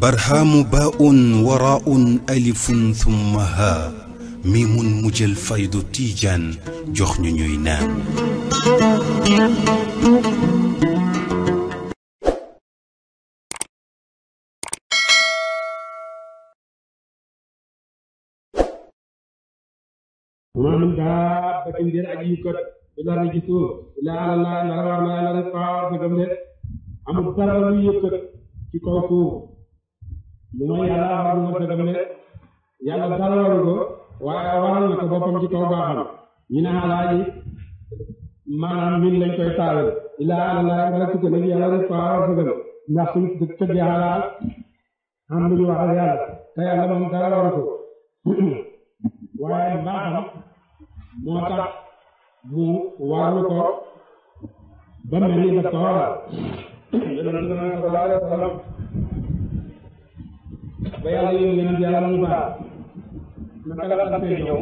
برهام باء وراء ألف ثم ها ميم مجل فيض تيجان جخن نينام وما من دابة غير أجيبك الله نرى ما نرى ترى في lu may yàlla waral na ko def ne yàlla dara waru ko waaye waral na ko boppam ci kaw baaxam ñu ne alaaji maanaam min lañ koy taawee ilaa àlala nga tukka nag yàlla rek faa war fëgal ndax suñ tëddee xalaal am lu ñu wax ak yàlla te yàlla moom dara waru ko waaye baaxam moo tax mu warlu ko ba mel ni daf ko waral yonent bi sallallahu alayhi wa sallam ba yàlla yónni yonent yàlla Muusaa naka la xasee ñëw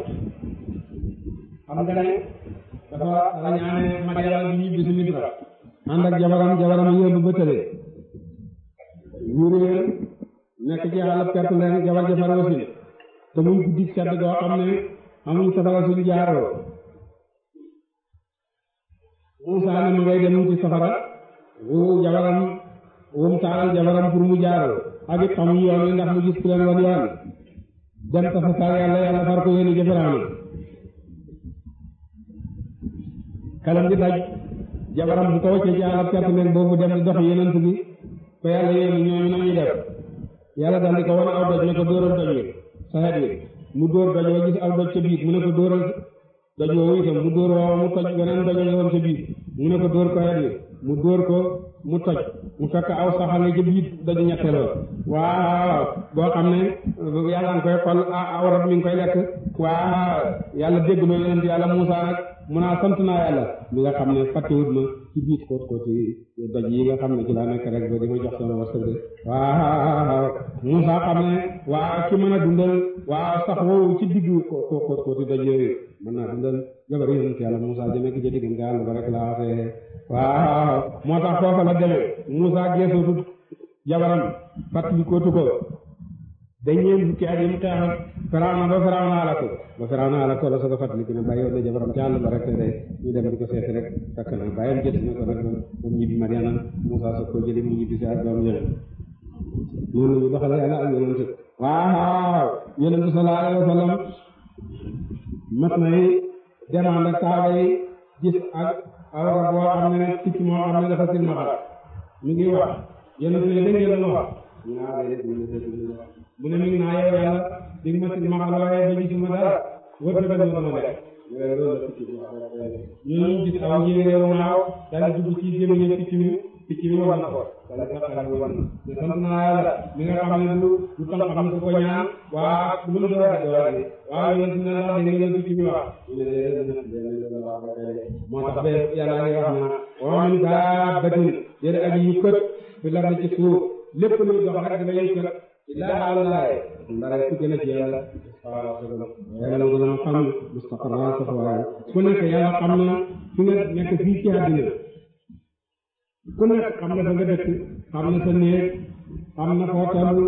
xam nga ne dafa rañaane Madyana bi ñibbi si Misra ànd jabaram jabaram yóbbu ba tële yuuru leen nekk ci xaalab kett leen jabar ja far wasin te muy guddi sedd goo xam ne amuñ safara suñ jaaroo Muusaa ne mu ngay dem ci safara wu jabaram wum taalal jabaram pour mu jaaroo ak it xam yoon yi ndax mu gis ku wan yoon dem tasa yàlla yàlla far ko yéene jëfaraani kalam bi daj jabaram bu ko wàccee ci àll nekk boobu dem di dox yeneen bi ko yàlla yéene ñooñu nañuy def yàlla daal di ko wan aw doj ne ko dóoral doj wi saxet wi mu dóor doj wa gis aw doj ca mu ne dóor waaw mu toj weneen mu dóor ko xeet mu dóor ko mu toj mu fekk aw saxal nga jëm yit dañu ñetteeloo waaw boo xam ne yàlla nga koy xol ah, aw rab mi ngi koy lekk waa yàlla dégg na yonent yàlla Muusaa nag mu naa ah, sant naa yàlla li nga xam ne fàttewut ci biir kóot kóot yi yi nga xam ne ci laa nekk rek ba di ma jox sama wërsëg de waaw Moussa xam ne waaw ki mën a dundal waaw sax woowu ci diggu kóot kóot kóot yi doj yooyu mën naa dundal jabar yonent yàlla Moussa ki ca digg nga àll ba rek laa waaw moo tax foofa la demee Moussa geesootu jabaram fàttali kóotu ko dañ ñeen fukki Firawna ba Firawna alaku ba Firawna alaku la soog a fàttaliku ne bàyyi woon na jabaram ca àll ba rek de ñu dem di ko seeti rek takk na bàyyam jënd na ko nag ko jëli mu ñibbi si ak doom ñeneen noonu ñu doxale yàlla ak ne picc moo ne dafa silmaxa ne dégg mu ne mi naa yow yàlla di ma ci maxal waaye dañu ci ma dara wër na benn ma def ñooñu gis aw ñi réew naaw daal dugg ci gémmiñ picc mi picc mi war na ko wala naqar bi war na te sant naa yàlla mi nga xam ne lu lu tax xam ne ko ñaan waa lu mu doon rajo waa bi waaw yéen dina la wax dégg nga picc mi wax ñu ne moo tax ba yàlla ngi wax na waman daa batin yéen ak yu kët bi la ci suuf lépp luy dox rek dañuy kët ഇതാണല്ലാതെ ndarakugelak yàlla yàlla gën a xam mustaqarra sa waaye ku nekk yàlla xam na fi nga nekk fii ci àddina ku nekk xam na fa nga dëkk xam na sa néeg xam na foo toll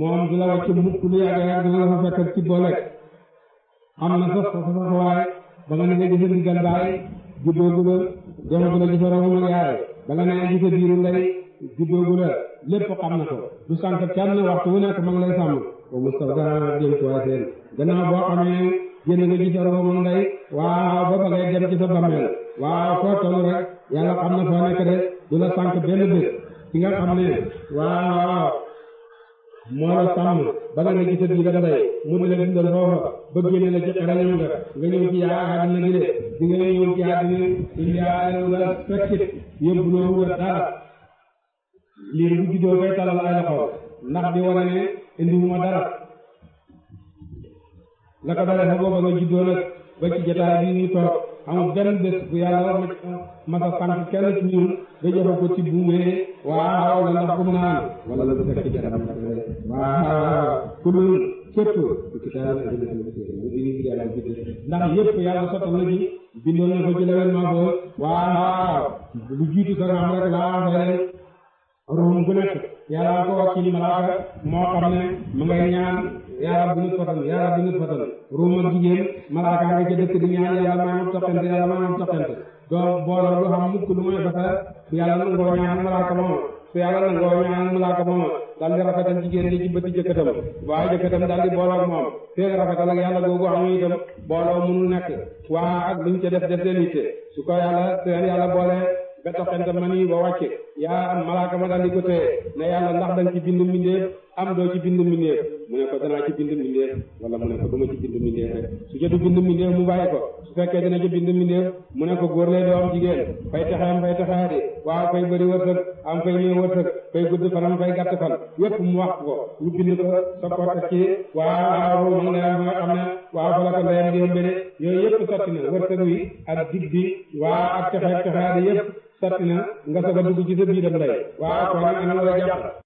moom du la wàcc mukk lu yàgg yàgg dina la fa fekk ci booleeg sa sa sa waaye ba nga nekk gisa ndigal baay juddoo gu la joxagu la gisa romam ak yaay ba nga nekk gisa biiru jubboogu la lépp xam na ko du sànq kenn waxtu wu nekk ma lay sàmm wa mustawda jëm ci waa seen gannaaw boo xamee génn nga ci sa roo moom day waaw ba ba ngay dem ci sa bammeel waaw foo toll rek yàlla xam na foo nekk de du la sànq benn bés ki nga xam ne waaw moo la bala nga gisa di la day mu ne dundal foofa ba génne la ci xarañam nga nga ñëw ci léegi bu juddoo kay talal ay loxo ndax di wane ne indiwuma dara la ko dara sa booba nga juddoo nag ba ci jotaay bi ñu toog amul benn bés bu yàlla ma sa sant kenn ci ñun ba joxe ko ci buumee waaw la ndax kum naan wala lu jiitu sa raam rek laa waxee ruum gu nekk yàlla ko wàccil malaaka moo xam ne mu ngay ñaan yàlla bu ñu fatal yàlla bu ñu fatal ruum ak a malaaka nga ca dëkk di ñaan yàlla maa ngi toqante yàlla maa ngi toqante doo booloo du xam mukk lu mooy fasa su yàlla nangoo ñaan malaaka mooma su yàlla nangoo ñaan malaaka mooma daal di rafetal jigéen li ci bëti jëkkatam waaye jëkkatam daal di booloo ak moom feeg rafetal ak yàlla googu amu booloo mënul nekk waa ak luñ ca def def leen itte su ko yàlla ba toqante man yi ba wàcce yaa am malaaka ma daal di ko téye ne yàlla ndax danga ci bind mbindeef am doo ci bind mbindeef mu ne ko danaa ci bind mbindeef wala mu ne ko duma ci bind mbindeef rek su jotu bind mbindeef mu bàyyi ko su fekkee dina ci bind mbindeef mu ne ko góor lay doon jigéen fay taxaam fay taxaari waaw fay bëri wërsëg am fay néew ne ma xam fa la ko ndeyam yooyu yépp sotti na wërsëg wi ak dig bi waaw ak taxaar taxaari yépp sotti na nga soog a dugg ci sa biiram ndey waaw kon ana la jàpp